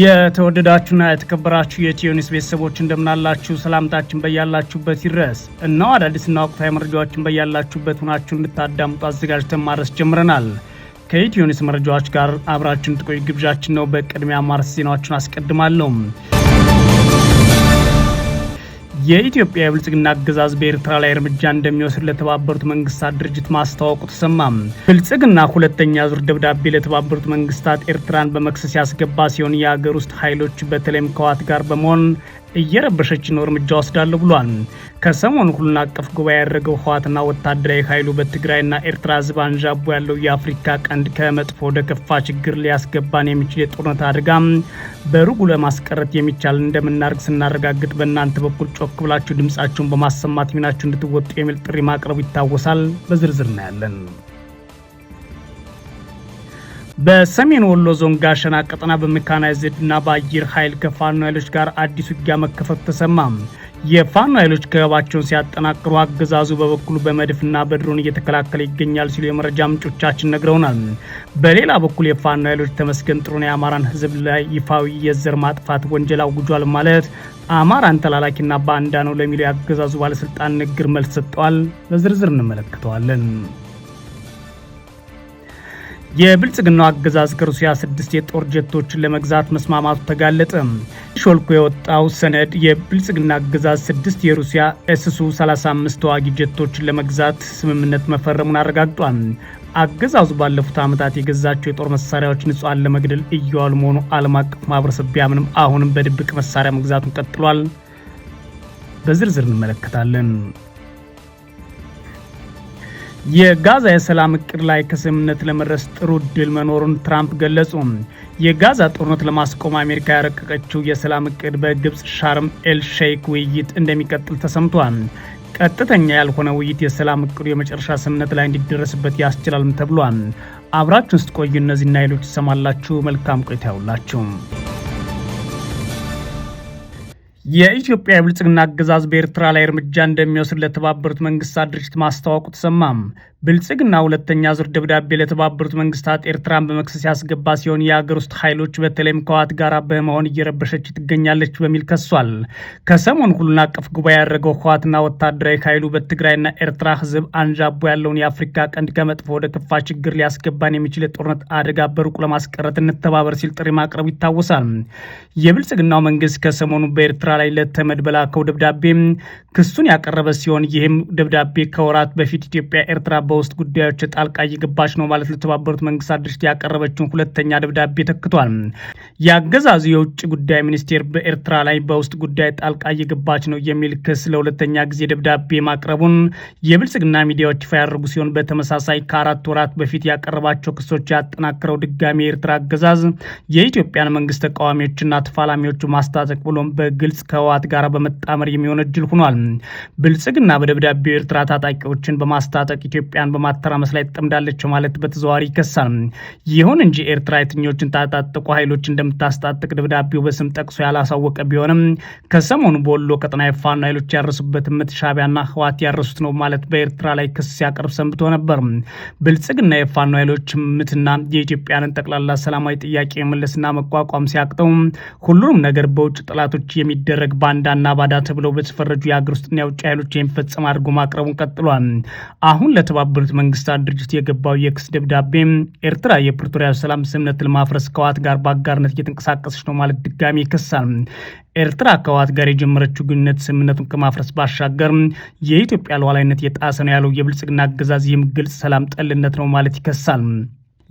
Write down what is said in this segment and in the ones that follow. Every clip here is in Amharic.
የተወደዳችሁና የተከበራችሁ የኢትዮ ኒውስ ቤተሰቦች እንደምናላችሁ ሰላምታችን በያላችሁበት ይድረስ። እነሆ አዳዲስና ወቅታዊ መረጃዎችን በያላችሁበት ሁናችሁ እንድታዳምጡ አዘጋጅተን ማድረስ ጀምረናል። ከኢትዮ ኒውስ መረጃዎች ጋር አብራችን ጥቆይ ግብዣችን ነው። በቅድሚያ ማርስ ዜናዎችን አስቀድማለሁ። የኢትዮጵያ የብልጽግና አገዛዝ በኤርትራ ላይ እርምጃ እንደሚወስድ ለተባበሩት መንግስታት ድርጅት ማስታወቁ ተሰማ። ብልጽግና ሁለተኛ ዙር ደብዳቤ ለተባበሩት መንግስታት ኤርትራን በመክሰስ ያስገባ ሲሆን የሀገር ውስጥ ኃይሎች በተለይም ከዋት ጋር በመሆን እየረበሸች ነው እርምጃ ወስዳለሁ ብሏል። ከሰሞኑ ሁሉን አቀፍ ጉባኤ ያደረገው ህወሓትና ወታደራዊ ኃይሉ በትግራይና ኤርትራ ህዝብ አንዣቦ ያለው የአፍሪካ ቀንድ ከመጥፎ ወደ ከፋ ችግር ሊያስገባን የሚችል የጦርነት አደጋ በሩቁ ለማስቀረት የሚቻል እንደምናደርግ ስናረጋግጥ በእናንተ በኩል ጮክ ብላችሁ ድምፃችሁን በማሰማት ሚናችሁ እንድትወጡ የሚል ጥሪ ማቅረቡ ይታወሳል። በዝርዝር እናያለን። በሰሜን ወሎ ዞን ጋሸና ቀጠና በሜካናይዝድና በአየር ኃይል ከፋኖ ኃይሎች ጋር አዲስ ውጊያ መከፈት ተሰማ። የፋኖ ኃይሎች ከበባቸውን ሲያጠናክሩ አገዛዙ በበኩሉ በመድፍና በድሮን እየተከላከለ ይገኛል ሲሉ የመረጃ ምንጮቻችን ነግረውናል። በሌላ በኩል የፋኖ ኃይሎች ተመስገን ጥሩን የአማራን ሕዝብ ላይ ይፋዊ የዘር ማጥፋት ወንጀል አውጇል ማለት አማራን ተላላኪና ባንዳ ነው ለሚለው የአገዛዙ ባለስልጣን ንግግር መልስ ሰጠዋል። በዝርዝር እንመለከተዋለን። የብልጽግናው አገዛዝ ከሩሲያ ስድስት የጦር ጀቶችን ለመግዛት መስማማቱ ተጋለጠ። ሾልኮ የወጣው ሰነድ የብልጽግና አገዛዝ ስድስት የሩሲያ ኤስሱ 35 ተዋጊ ጀቶችን ለመግዛት ስምምነት መፈረሙን አረጋግጧል። አገዛዙ ባለፉት ዓመታት የገዛቸው የጦር መሳሪያዎች ንጹሐን ለመግደል እየዋሉ መሆኑ ዓለም አቀፍ ማህበረሰብ ቢያምንም አሁንም በድብቅ መሳሪያ መግዛቱን ቀጥሏል። በዝርዝር እንመለከታለን። የጋዛ የሰላም እቅድ ላይ ከስምምነት ለመድረስ ጥሩ እድል መኖሩን ትራምፕ ገለጹ። የጋዛ ጦርነት ለማስቆም አሜሪካ ያረቀቀችው የሰላም እቅድ በግብፅ ሻርም ኤል ሼክ ውይይት እንደሚቀጥል ተሰምቷል። ቀጥተኛ ያልሆነ ውይይት የሰላም እቅዱ የመጨረሻ ስምምነት ላይ እንዲደረስበት ያስችላልም ተብሏል። አብራችን ስትቆዩ እነዚህና ሌሎች ይሰማላችሁ። መልካም ቆይታ ያውላችሁም። የኢትዮጵያ የብልጽግና አገዛዝ በኤርትራ ላይ እርምጃ እንደሚወስድ ለተባበሩት መንግስታት ድርጅት ማስታወቁ ተሰማም። ብልጽግና ሁለተኛ ዙር ደብዳቤ ለተባበሩት መንግስታት ኤርትራን በመክሰስ ያስገባ ሲሆን የአገር ውስጥ ኃይሎች በተለይም ከዋት ጋር በመሆን እየረበሸች ትገኛለች በሚል ከሷል። ከሰሞኑ ሁሉን አቀፍ ጉባኤ ያደረገው ህዋትና ወታደራዊ ኃይሉ በትግራይና ኤርትራ ህዝብ አንዣቦ ያለውን የአፍሪካ ቀንድ ከመጥፎ ወደ ከፋ ችግር ሊያስገባን የሚችል የጦርነት አደጋ በሩቁ ለማስቀረት እንተባበር ሲል ጥሪ ማቅረቡ ይታወሳል። የብልጽግናው መንግስት ከሰሞኑ በኤርትራ ላይ ለተመድ በላከው ደብዳቤ ክሱን ያቀረበ ሲሆን ይህም ደብዳቤ ከወራት በፊት ኢትዮጵያ ኤርትራ በውስጥ ጉዳዮች ጣልቃ እየገባች ነው ማለት ለተባበሩት መንግስታት ድርጅት ያቀረበችውን ሁለተኛ ደብዳቤ ተክቷል። የአገዛዙ የውጭ ጉዳይ ሚኒስቴር በኤርትራ ላይ በውስጥ ጉዳይ ጣልቃ እየገባች ነው የሚል ክስ ለሁለተኛ ጊዜ ደብዳቤ ማቅረቡን የብልጽግና ሚዲያዎች ይፋ ያደርጉ ሲሆን በተመሳሳይ ከአራት ወራት በፊት ያቀረባቸው ክሶች ያጠናክረው ድጋሚ የኤርትራ አገዛዝ የኢትዮጵያን መንግስት ተቃዋሚዎችና ተፋላሚዎቹ ማስታጠቅ ብሎም በግልጽ ከህወሓት ጋር በመጣመር የሚወነጅል ሆኗል። ብልጽግና በደብዳቤው ኤርትራ ታጣቂዎችን በማስታጠቅ ኢትዮጵያን በማተራመስ ላይ ትጠምዳለች ማለት በተዘዋዋሪ ይከሳል። ይሁን እንጂ ኤርትራ የትኞችን ታጣጥቁ ኃይሎች እንደምታስታጥቅ ደብዳቤው በስም ጠቅሶ ያላሳወቀ ቢሆንም ከሰሞኑ በወሎ ቀጠና የፋኖ ኃይሎች ያረሱበት ምት ሻዕቢያና ህወሓት ያረሱት ነው ማለት በኤርትራ ላይ ክስ ሲያቀርብ ሰንብቶ ነበር። ብልጽግና የፋኖ ኃይሎች ምትና የኢትዮጵያንን ጠቅላላ ሰላማዊ ጥያቄ መመለስና መቋቋም ሲያቅተው ሁሉንም ነገር በውጭ ጠላቶች የሚደረ ሲደረግ ባንዳና ባዳ ተብለው በተፈረጁ የአገር ውስጥና የውጭ ኃይሎች የሚፈጸም አድርጎ ማቅረቡን ቀጥሏል። አሁን ለተባበሩት መንግስታት ድርጅት የገባው የክስ ደብዳቤ ኤርትራ የፕሪቶሪያ ሰላም ስምምነት ለማፍረስ ከዋት ጋር በአጋርነት እየተንቀሳቀሰች ነው ማለት ድጋሚ ይከሳል። ኤርትራ ከዋት ጋር የጀመረችው ግንኙነት ስምምነቱን ከማፍረስ ባሻገር የኢትዮጵያ ሉዓላዊነት የጣሰ ነው ያለው የብልጽግና አገዛዝ ይህም ግልጽ ሰላም ጠልነት ነው ማለት ይከሳል።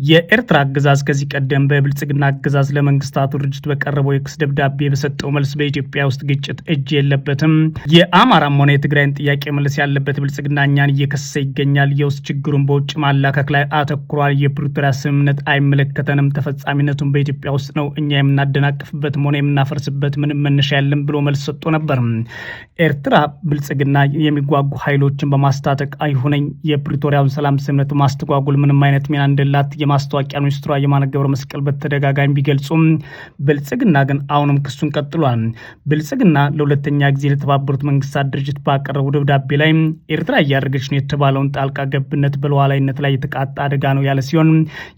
የኤርትራ አገዛዝ ከዚህ ቀደም በብልጽግና አገዛዝ ለመንግስታቱ ድርጅት በቀረበው የክስ ደብዳቤ በሰጠው መልስ በኢትዮጵያ ውስጥ ግጭት እጅ የለበትም፣ የአማራም ሆነ የትግራይን ጥያቄ መልስ ያለበት ብልጽግና እኛን እየከሰ ይገኛል፣ የውስጥ ችግሩን በውጭ ማላከክ ላይ አተኩሯል፣ የፕሪቶሪያ ስምምነት አይመለከተንም፣ ተፈጻሚነቱን በኢትዮጵያ ውስጥ ነው፣ እኛ የምናደናቅፍበትም ሆነ የምናፈርስበት ምንም መነሻ ያለን ብሎ መልስ ሰጥቶ ነበር። ኤርትራ ብልጽግና የሚጓጉ ኃይሎችን በማስታጠቅ አይሁነኝ የፕሪቶሪያውን ሰላም ስምምነት ማስተጓጉል ምንም አይነት ሚና እንደላት የማስታወቂያ ሚኒስትሯ የማነ ገብረ መስቀል በተደጋጋሚ ቢገልጹም ብልጽግና ግን አሁንም ክሱን ቀጥሏል። ብልጽግና ለሁለተኛ ጊዜ ለተባበሩት መንግስታት ድርጅት ባቀረቡ ደብዳቤ ላይ ኤርትራ እያደረገች ነው የተባለውን ጣልቃ ገብነት በሉዓላዊነት ላይ የተቃጣ አደጋ ነው ያለ ሲሆን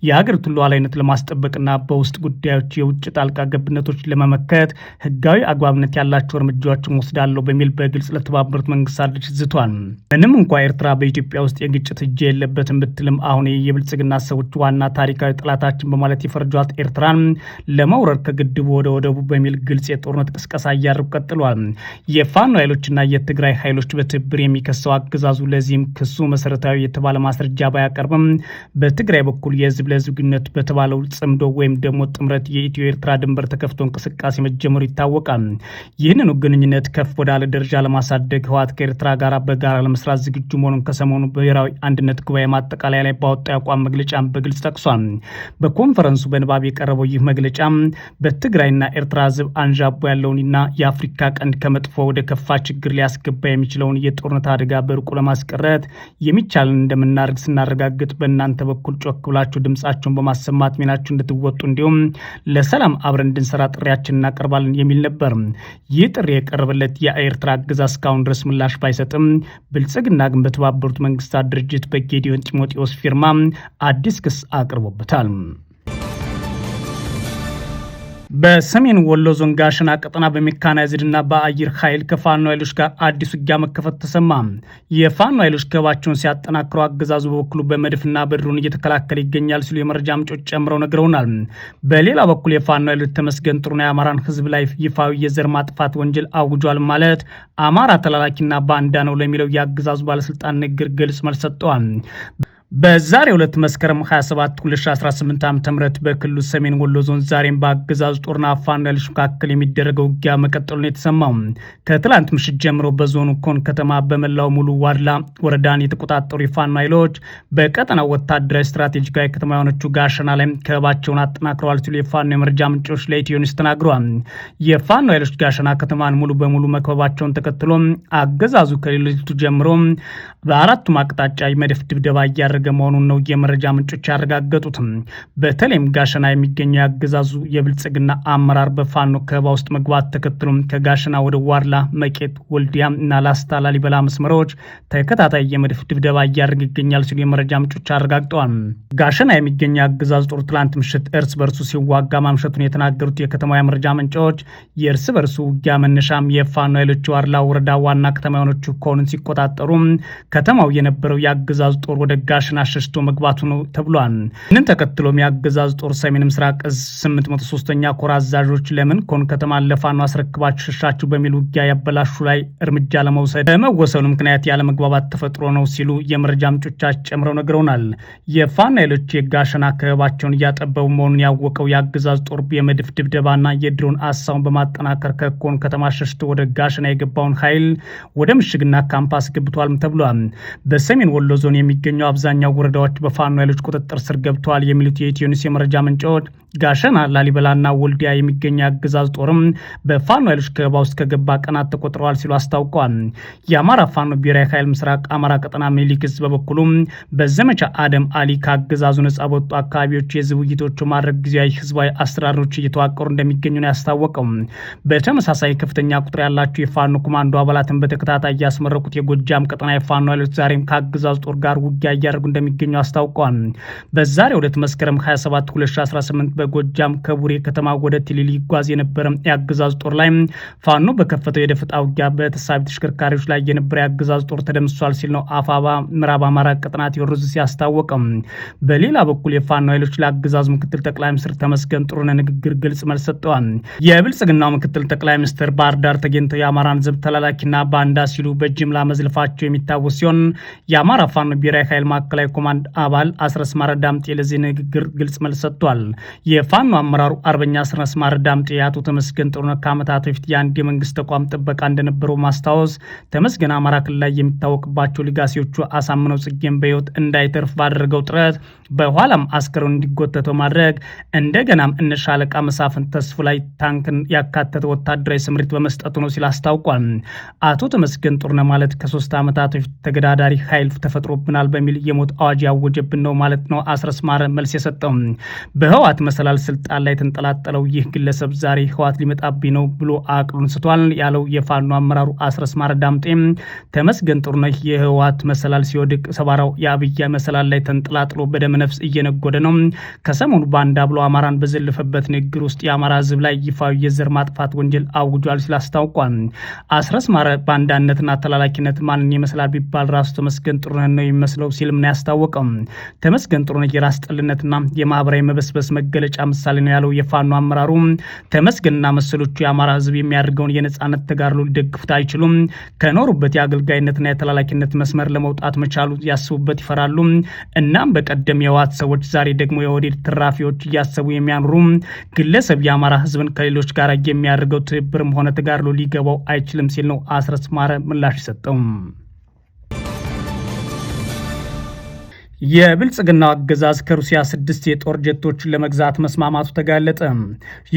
የሀገሪቱን ሉዓላዊነት ለማስጠበቅና በውስጥ ጉዳዮች የውጭ ጣልቃ ገብነቶች ለመመከት ህጋዊ አግባብነት ያላቸው እርምጃዎችን ወስዳለሁ በሚል በግልጽ ለተባበሩት መንግስታት ድርጅት ዝቷል። ምንም እንኳ ኤርትራ በኢትዮጵያ ውስጥ የግጭት እጅ የለበትም ብትልም አሁን የብልጽግና ሰዎች ዋና ዋና ታሪካዊ ጠላታችን በማለት የፈረጇት ኤርትራን ለመውረር ከግድቡ ወደ ወደቡ በሚል ግልጽ የጦርነት ቅስቀሳ እያደረጉ ቀጥሏል። የፋኖ ኃይሎችና የትግራይ ኃይሎች በትብብር የሚከሰው አገዛዙ ለዚህም ክሱ መሰረታዊ የተባለ ማስረጃ ባያቀርብም በትግራይ በኩል የህዝብ ለህዝብ ግንኙነት በተባለው ጽምዶ ወይም ደግሞ ጥምረት የኢትዮ ኤርትራ ድንበር ተከፍቶ እንቅስቃሴ መጀመሩ ይታወቃል። ይህንኑ ግንኙነት ከፍ ወዳለ ደረጃ ለማሳደግ ህወሓት ከኤርትራ ጋር በጋራ ለመስራት ዝግጁ መሆኑን ከሰሞኑ ብሔራዊ አንድነት ጉባኤ ማጠቃለያ ላይ ባወጣ የአቋም መግለጫ በግልጽ ጠቅሷል። በኮንፈረንሱ በንባብ የቀረበው ይህ መግለጫ በትግራይና ኤርትራ ህዝብ አንዣቦ ያለውንና የአፍሪካ ቀንድ ከመጥፎ ወደ ከፋ ችግር ሊያስገባ የሚችለውን የጦርነት አደጋ በርቁ ለማስቀረት የሚቻልን እንደምናደርግ ስናረጋግጥ በእናንተ በኩል ጮክ ብላችሁ ድምጻቸውን በማሰማት ሚናችሁ እንድትወጡ እንዲሁም ለሰላም አብረን እንድንሰራ ጥሪያችን እናቀርባለን የሚል ነበር። ይህ ጥሪ የቀረበለት የኤርትራ አገዛዝ እስካሁን ድረስ ምላሽ ባይሰጥም ብልጽግና ግን በተባበሩት መንግስታት ድርጅት በጌዲዮን ጢሞቴዎስ ፊርማ አዲስ ክስ አቅርቦበታል። በሰሜን ወሎ ዞን ጋሸና ቀጠና በሜካናይዝድና በአየር ኃይል ከፋኖ ኃይሎች ጋር አዲስ ውጊያ መከፈት ተሰማ። የፋኖ ኃይሎች ገባቸውን ሲያጠናክረው፣ አገዛዙ በበኩሉ በመድፍና በድሮን እየተከላከለ ይገኛል ሲሉ የመረጃ ምንጮች ጨምረው ነግረውናል። በሌላ በኩል የፋኖ ኃይሎች ተመስገን ጥሩና የአማራን ሕዝብ ላይ ይፋዊ የዘር ማጥፋት ወንጀል አውጇል ማለት አማራ ተላላኪና ባንዳ ነው ለሚለው የአገዛዙ ባለስልጣን ንግግር ግልጽ መልስ ሰጥተዋል። በዛሬ ሁለት መስከረም 27 2018 ዓ ም በክልሉ ሰሜን ወሎ ዞን ዛሬም በአገዛዙ ጦርና ፋኖ ኃይሎች መካከል የሚደረገው ውጊያ መቀጠሉን የተሰማው ከትላንት ምሽት ጀምሮ በዞኑ ኮን ከተማ በመላው ሙሉ ዋድላ ወረዳን የተቆጣጠሩ የፋኖ ኃይሎች በቀጠናው ወታደራዊ ስትራቴጂካዊ ከተማ የሆነችው ጋሸና ላይ ከበባቸውን አጠናክረዋል ሲሉ የፋኖ የመረጃ ምንጮች ለኢትዮ ኒውስ ተናግረዋል። የፋኖ ኃይሎች ጋሸና ከተማን ሙሉ በሙሉ መክበባቸውን ተከትሎ አገዛዙ ከሌሊቱ ጀምሮ በአራቱም አቅጣጫ መደፍ ድብደባ እያደረገ እየተደረገ መሆኑን ነው የመረጃ ምንጮች ያረጋገጡትም። በተለይም ጋሸና የሚገኘው ያገዛዙ የብልጽግና አመራር በፋኖ ከበባ ውስጥ መግባት ተከትሎም ከጋሸና ወደ ዋርላ፣ መቄት፣ ወልዲያ እና ላስታ ላሊበላ መስመሮች ተከታታይ የመድፍ ድብደባ እያደረገ ይገኛል ሲሉ የመረጃ ምንጮች አረጋግጠዋል። ጋሸና የሚገኘው ያገዛዙ ጦር ትላንት ምሽት እርስ በርሱ ሲዋጋ ማምሸቱን የተናገሩት የከተማ የመረጃ ምንጮች የእርስ በርሱ ውጊያ መነሻም የፋኖ ኃይሎች ዋርላ ወረዳ ዋና ከተማ የሆነችው ከሆኑን ሲቆጣጠሩ ከተማው የነበረው የአገዛዙ ጦር ወደ ጋሸ ዳሽን አሸሽቶ መግባቱ ነው ተብሏል። ይህንን ተከትሎም የአገዛዝ ጦር ሰሜን ምስራቅ እዝ 83 ኛ ኮር አዛዦች ለምን ኮን ከተማ ለፋኖ አስረክባችሁ ሸሻችሁ በሚል ውጊያ ያበላሹ ላይ እርምጃ ለመውሰድ በመወሰኑ ምክንያት ያለመግባባት ተፈጥሮ ነው ሲሉ የመረጃ ምንጮቻችን ጨምረው ነግረውናል። የፋኖ ኃይሎች የጋሸና አካባቢያቸውን እያጠበቡ መሆኑን ያወቀው የአገዛዝ ጦር የመድፍ ድብደባና የድሮን አሳውን በማጠናከር ከኮን ከተማ ሸሽቶ ወደ ጋሸና የገባውን ኃይል ወደ ምሽግና ካምፓስ ገብቷልም ተብሏል። በሰሜን ወሎ ዞን የሚገኘው አብዛኛው አብዛኛው ወረዳዎች በፋኖ ኃይሎች ቁጥጥር ስር ገብተዋል የሚሉት የኢትዮኒስ የመረጃ ምንጮች ጋሸና፣ ላሊበላና ወልዲያ የሚገኝ አገዛዝ ጦርም በፋኖ ኃይሎች ከበባ ውስጥ ከገባ ቀናት ተቆጥረዋል ሲሉ አስታውቀዋል። የአማራ ፋኖ ብሔራዊ ኃይል ምስራቅ አማራ ቀጠና ሚሊክስ በበኩሉ በበኩሉም በዘመቻ አደም አሊ ከአገዛዙ ነጻ በወጡ አካባቢዎች የህዝብ ውይይቶቹ ማድረግ ጊዜያዊ ህዝባዊ አሰራሮች እየተዋቀሩ እንደሚገኙ ነው ያስታወቀው። በተመሳሳይ ከፍተኛ ቁጥር ያላቸው የፋኖ ኮማንዶ አባላትን በተከታታይ ያስመረቁት የጎጃም ቀጠና የፋኖ ኃይሎች ዛሬም ከአገዛዙ ጦር ጋር ውጊያ እያደረጉ እንደሚገኙ አስታውቀዋል። በዛሬው ዕለት መስከረም 27 2018 በጎጃም ከቡሬ ከተማ ወደ ቲሊሊ ይጓዝ የነበረ የአገዛዝ ጦር ላይ ፋኖ በከፈተው የደፈጣ ውጊያ በተሳቢ ተሽከርካሪዎች ላይ የነበረ የአገዛዝ ጦር ተደምሷል ሲል ነው አፋባ ምዕራብ አማራ ቅጥናት ቴዎድሮስ ሲያስታወቀም። በሌላ በኩል የፋኖ ኃይሎች ለአገዛዝ ምክትል ጠቅላይ ሚኒስትር ተመስገን ጥሩነህ ንግግር ግልጽ መልስ ሰጥተዋል። የብልጽግናው ምክትል ጠቅላይ ሚኒስትር ባህር ዳር ተገኝተው የአማራን ዘብ ተላላኪና ባንዳ ሲሉ በጅምላ መዝልፋቸው የሚታወስ ሲሆን የአማራ ፋኖ ብሔራዊ ኃይል ማዕከላዊ ማዕከላዊ ኮማንድ አባል አስረስ ዳምጤ ለዚህ ንግግር ግልጽ መልስ ሰጥቷል። የፋኖ አመራሩ አርበኛ አስረስ ዳምጤ የአቶ ተመስገን ጥሩነህ ከዓመታት በፊት የአንድ የመንግስት ተቋም ጥበቃ እንደነበረው ማስታወስ ተመስገን አማራ ክልል ላይ የሚታወቅባቸው ሊጋሴዎቹ አሳምነው ጽጌን በህይወት እንዳይተርፍ ባደረገው ጥረት በኋላም አስከሬኑን እንዲጎተተው ማድረግ እንደገናም እነ ሻለቃ መሳፍን ተስፉ ላይ ታንክን ያካተተ ወታደራዊ ስምሪት በመስጠቱ ነው ሲል አስታውቋል። አቶ ተመስገን ጥሩነህ ማለት ከሶስት ዓመታት በፊት ተገዳዳሪ ኃይል ተፈጥሮብናል በሚል የሞ የሞት አዋጅ ያወጀብን ነው ማለት ነው አስረስ ማረ መልስ የሰጠው። በህወሓት መሰላል ስልጣን ላይ የተንጠላጠለው ይህ ግለሰብ ዛሬ ህወሓት ሊመጣብኝ ነው ብሎ አቅሉን ስቷል ያለው የፋኖ አመራሩ አስረስ ማረ ዳምጤ ተመስገን ጥሩነህ የህወሓት መሰላል ሲወድቅ ሰባራው የአብያ መሰላል ላይ ተንጠላጥሎ በደመነፍስ እየነጎደ ነው። ከሰሞኑ ባንዳ ብሎ አማራን በዘለፈበት ንግግር ውስጥ የአማራ ህዝብ ላይ ይፋዊ የዘር ማጥፋት ወንጀል አውጇል ሲል አስታውቋል። አስረስ ማረ ባንዳነትና ተላላኪነት ማንን ይመስላል ቢባል ራሱ ተመስገን ጥሩነህ ነው የሚመስለው ሲል ምን አስታወቀም። ተመስገን ጥሩነህ የራስ ጥልነትና የማህበራዊ መበስበስ መገለጫ ምሳሌ ነው ያለው የፋኖ አመራሩ ተመስገንና መሰሎቹ የአማራ ህዝብ የሚያደርገውን የነጻነት ተጋድሎ ሊደግፉት አይችሉም። ከኖሩበት የአገልጋይነትና የተላላኪነት መስመር ለመውጣት መቻሉ ያስቡበት ይፈራሉ። እናም በቀደም የህወሓት ሰዎች፣ ዛሬ ደግሞ የወዴድ ትራፊዎች እያሰቡ የሚያኖሩ ግለሰብ የአማራ ህዝብን ከሌሎች ጋር የሚያደርገው ትብብርም ሆነ ተጋድሎ ሊገባው አይችልም ሲል ነው አስረስማረ ምላሽ ሰጠው። የብልጽግና አገዛዝ ከሩሲያ ስድስት የጦር ጀቶችን ለመግዛት መስማማቱ ተጋለጠ።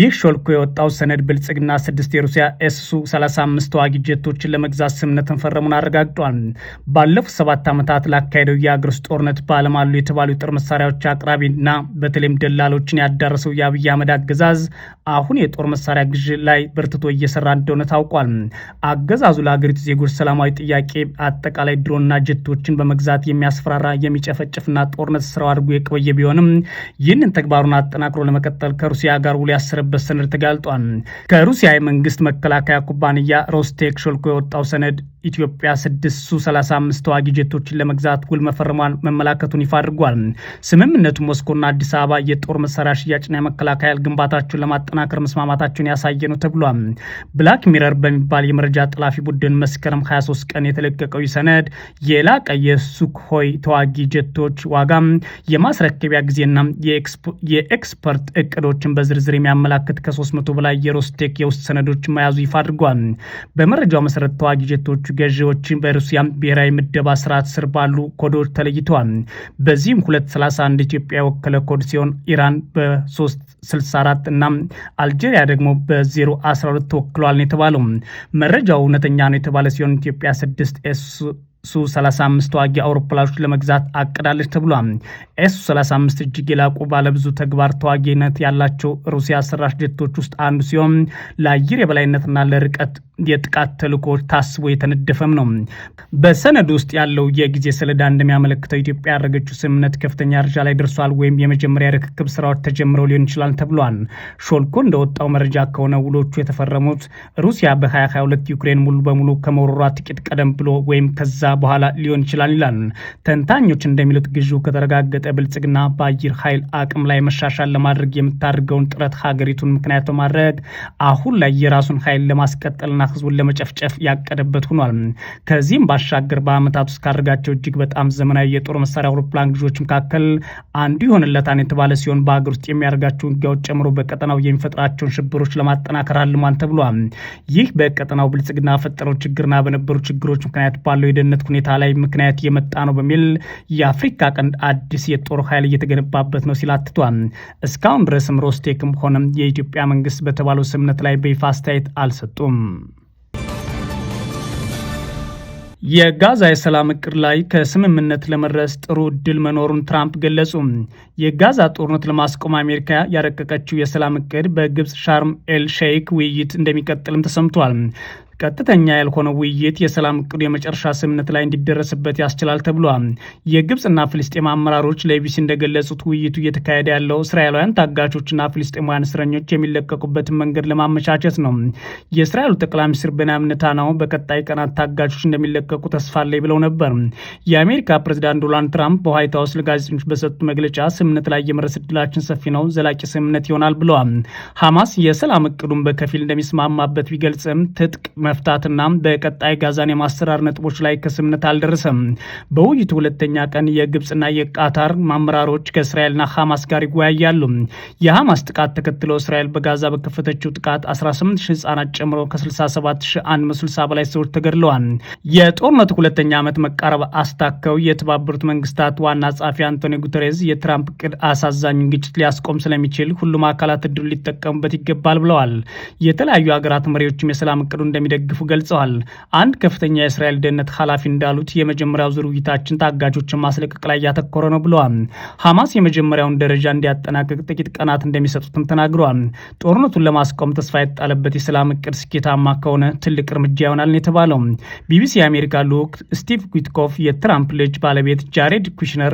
ይህ ሾልኮ የወጣው ሰነድ ብልጽግና ስድስት የሩሲያ ኤስሱ 35 ተዋጊ ጀቶችን ለመግዛት ስምምነትን ፈረሙን አረጋግጧል። ባለፉት ሰባት ዓመታት ላካሄደው የአገር ውስጥ ጦርነት በዓለም አሉ የተባሉ የጦር መሳሪያዎች አቅራቢና በተለይም ደላሎችን ያዳረሰው የአብይ አህመድ አገዛዝ አሁን የጦር መሳሪያ ግዥ ላይ በርትቶ እየሰራ እንደሆነ ታውቋል። አገዛዙ ለአገሪቱ ዜጎች ሰላማዊ ጥያቄ አጠቃላይ ድሮና ጀቶችን በመግዛት የሚያስፈራራ የሚጨፈ የሚጨፈጨፍና ጦርነት ስራው አድርጎ የቆየ ቢሆንም ይህንን ተግባሩን አጠናክሮ ለመቀጠል ከሩሲያ ጋር ውል ያሰረበት ሰነድ ተጋልጧል። ከሩሲያ የመንግስት መከላከያ ኩባንያ ሮስቴክ ሾልኮ የወጣው ሰነድ ኢትዮጵያ ስድስት ሱ 35 ተዋጊ ጀቶችን ለመግዛት ውል መፈረሟን መመላከቱን ይፋ አድርጓል። ስምምነቱ ሞስኮና አዲስ አበባ የጦር መሳሪያ ሽያጭና የመከላከያ ግንባታቸውን ለማጠናከር መስማማታቸውን ያሳየ ነው ተብሏል። ብላክ ሚረር በሚባል የመረጃ ጠላፊ ቡድን መስከረም 23 ቀን የተለቀቀው ሰነድ የላቀ የሱክሆይ ተዋጊ ጀቶች ዋጋ፣ የማስረከቢያ ጊዜና የኤክስፐርት እቅዶችን በዝርዝር የሚያመላክት ከ300 በላይ የሮስቴክ የውስጥ ሰነዶች መያዙ ይፋ አድርጓል። በመረጃው መሰረት ተዋጊ ጀቶቹ ገዢዎችን በሩሲያ ብሔራዊ ምደባ ስርዓት ስር ባሉ ኮዶች ተለይተዋል። በዚህም 231 ኢትዮጵያ የወከለ ኮድ ሲሆን ኢራን በ364 እና አልጄሪያ ደግሞ በ012 ተወክለዋል ነው የተባለው። መረጃው እውነተኛ ነው የተባለ ሲሆን ኢትዮጵያ 6 ኤስ ሱ 35 ተዋጊ አውሮፕላኖች ለመግዛት አቅዳለች ተብሏል። ኤሱ 35 እጅግ የላቁ ባለብዙ ተግባር ተዋጊነት ያላቸው ሩሲያ ሰራሽ ጀቶች ውስጥ አንዱ ሲሆን ለአየር የበላይነትና ለርቀት የጥቃት ተልእኮዎች ታስቦ የተነደፈም ነው። በሰነድ ውስጥ ያለው የጊዜ ሰሌዳ እንደሚያመለክተው ኢትዮጵያ ያደረገችው ስምምነት ከፍተኛ ደረጃ ላይ ደርሷል ወይም የመጀመሪያ ርክክብ ስራዎች ተጀምረው ሊሆን ይችላል ተብሏል። ሾልኮ እንደወጣው መረጃ ከሆነ ውሎቹ የተፈረሙት ሩሲያ በ2022 ዩክሬን ሙሉ በሙሉ ከመውረሯ ጥቂት ቀደም ብሎ ወይም ከዛ በኋላ ሊሆን ይችላል ይላል። ተንታኞች እንደሚሉት ግዢው ከተረጋገጠ ብልጽግና በአየር ኃይል አቅም ላይ መሻሻል ለማድረግ የምታደርገውን ጥረት ሀገሪቱን ምክንያት በማድረግ አሁን ላይ የራሱን ኃይል ለማስቀጠልና ህዝቡን ለመጨፍጨፍ ያቀደበት ሆኗል። ከዚህም ባሻገር በአመታት ውስጥ ካደረጋቸው እጅግ በጣም ዘመናዊ የጦር መሳሪያ አውሮፕላን ግዢዎች መካከል አንዱ የሆነለታን የተባለ ሲሆን በሀገር ውስጥ የሚያደርጋቸውን ውጊያዎች ጨምሮ በቀጠናው የሚፈጥራቸውን ሽብሮች ለማጠናከር አልሟን ተብሏል። ይህ በቀጠናው ብልጽግና ፈጠረው ችግርና በነበሩ ችግሮች ምክንያት ባለው የደህንነት የደህንነት ሁኔታ ላይ ምክንያት የመጣ ነው በሚል የአፍሪካ ቀንድ አዲስ የጦር ኃይል እየተገነባበት ነው ሲል አትቷል። እስካሁን ድረስም ሮስቴክም ሆነም የኢትዮጵያ መንግስት በተባለው ስምነት ላይ በይፋ አስተያየት አልሰጡም። የጋዛ የሰላም እቅድ ላይ ከስምምነት ለመድረስ ጥሩ እድል መኖሩን ትራምፕ ገለጹ። የጋዛ ጦርነት ለማስቆም አሜሪካ ያረቀቀችው የሰላም እቅድ በግብፅ ሻርም ኤል ሼይክ ውይይት እንደሚቀጥልም ተሰምቷል። ቀጥተኛ ያልሆነ ውይይት የሰላም እቅዱ የመጨረሻ ስምምነት ላይ እንዲደረስበት ያስችላል ተብሏል። የግብፅና ፍልስጤም አመራሮች ለቢሲ እንደገለጹት ውይይቱ እየተካሄደ ያለው እስራኤላውያን ታጋቾችና ፍልስጤማውያን እስረኞች የሚለቀቁበትን መንገድ ለማመቻቸት ነው። የእስራኤሉ ጠቅላይ ሚኒስትር ቤንያሚን ኔታንያሁ በቀጣይ ቀናት ታጋቾች እንደሚለቀቁ ተስፋ አለኝ ብለው ነበር። የአሜሪካ ፕሬዚዳንት ዶናልድ ትራምፕ በዋይት ሀውስ ለጋዜጠኞች በሰጡት መግለጫ ስምምነት ላይ የመድረስ እድላችን ሰፊ ነው፣ ዘላቂ ስምምነት ይሆናል ብለዋል። ሐማስ የሰላም እቅዱን በከፊል እንደሚስማማበት ቢገልጽም ትጥቅ መፍታትና በቀጣይ ጋዛን የማሰራር ነጥቦች ላይ ከስምነት አልደረሰም። በውይይቱ ሁለተኛ ቀን የግብፅና የቃታር አመራሮች ከእስራኤልና ሐማስ ጋር ይወያያሉ። የሐማስ ጥቃት ተከትሎ እስራኤል በጋዛ በከፈተችው ጥቃት 18 ሺህ ህጻናት ጨምሮ ከ67160 በላይ ሰዎች ተገድለዋል። የጦርነቱ ሁለተኛ ዓመት መቃረብ አስታከው የተባበሩት መንግስታት ዋና ጸሐፊ አንቶኒ ጉተሬዝ የትራምፕ እቅድ አሳዛኝ ግጭት ሊያስቆም ስለሚችል ሁሉም አካላት እድሉ ሊጠቀሙበት ይገባል ብለዋል። የተለያዩ ሀገራት መሪዎችም የሰላም እቅዱ እንደሚደግ እንደሚደግፉ ገልጸዋል። አንድ ከፍተኛ የእስራኤል ደህንነት ኃላፊ እንዳሉት የመጀመሪያው ዙር ውይይታችን ታጋቾችን ማስለቀቅ ላይ ያተኮረ ነው ብለዋል። ሐማስ የመጀመሪያውን ደረጃ እንዲያጠናቅቅ ጥቂት ቀናት እንደሚሰጡትም ተናግረዋል። ጦርነቱን ለማስቆም ተስፋ የጣለበት የሰላም እቅድ ስኬታማ ከሆነ ትልቅ እርምጃ ይሆናል የተባለው ቢቢሲ የአሜሪካ ልዑክ ስቲቭ ዊትኮፍ የትራምፕ ልጅ ባለቤት ጃሬድ ኩሽነር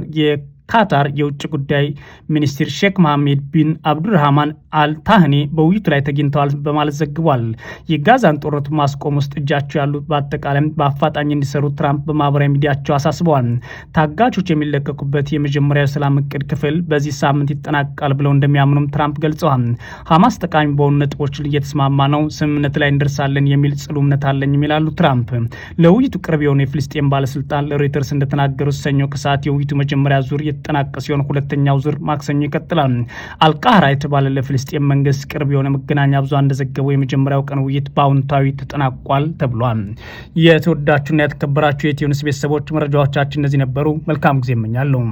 ካታር የውጭ ጉዳይ ሚኒስትር ሼክ መሐሜድ ቢን አብዱራህማን አልታህኒ በውይይቱ ላይ ተገኝተዋል በማለት ዘግቧል። የጋዛን ጦርነት ማስቆም ውስጥ እጃቸው ያሉት በአጠቃላይ በአፋጣኝ እንዲሰሩ ትራምፕ በማህበራዊ ሚዲያቸው አሳስበዋል። ታጋቾች የሚለቀቁበት የመጀመሪያው ሰላም እቅድ ክፍል በዚህ ሳምንት ይጠናቀቃል ብለው እንደሚያምኑም ትራምፕ ገልጸዋል። ሐማስ ጠቃሚ በሆኑ ነጥቦች እየተስማማ ነው፣ ስምምነት ላይ እንደርሳለን የሚል ጽሉ እምነት አለኝ የሚላሉ ትራምፕ ለውይይቱ ቅርብ የሆኑ የፍልስጤን ባለስልጣን ለሮይተርስ እንደተናገሩት ሰኞ ከሰዓት የውይይቱ መጀመሪያ ዙር የሚጠናቀቅ ሲሆን ሁለተኛው ዙር ማክሰኞ ይቀጥላል። አልቃህራ የተባለ ለፍልስጤም መንግስት ቅርብ የሆነ መገናኛ ብዙሃን እንደዘገበው የመጀመሪያው ቀን ውይይት በአውንታዊ ተጠናቋል ተብሏል። የተወዳችሁና የተከበራችሁ የኢትዮ ኒውስ ቤተሰቦች መረጃዎቻችን እነዚህ ነበሩ። መልካም ጊዜ እመኛለሁ።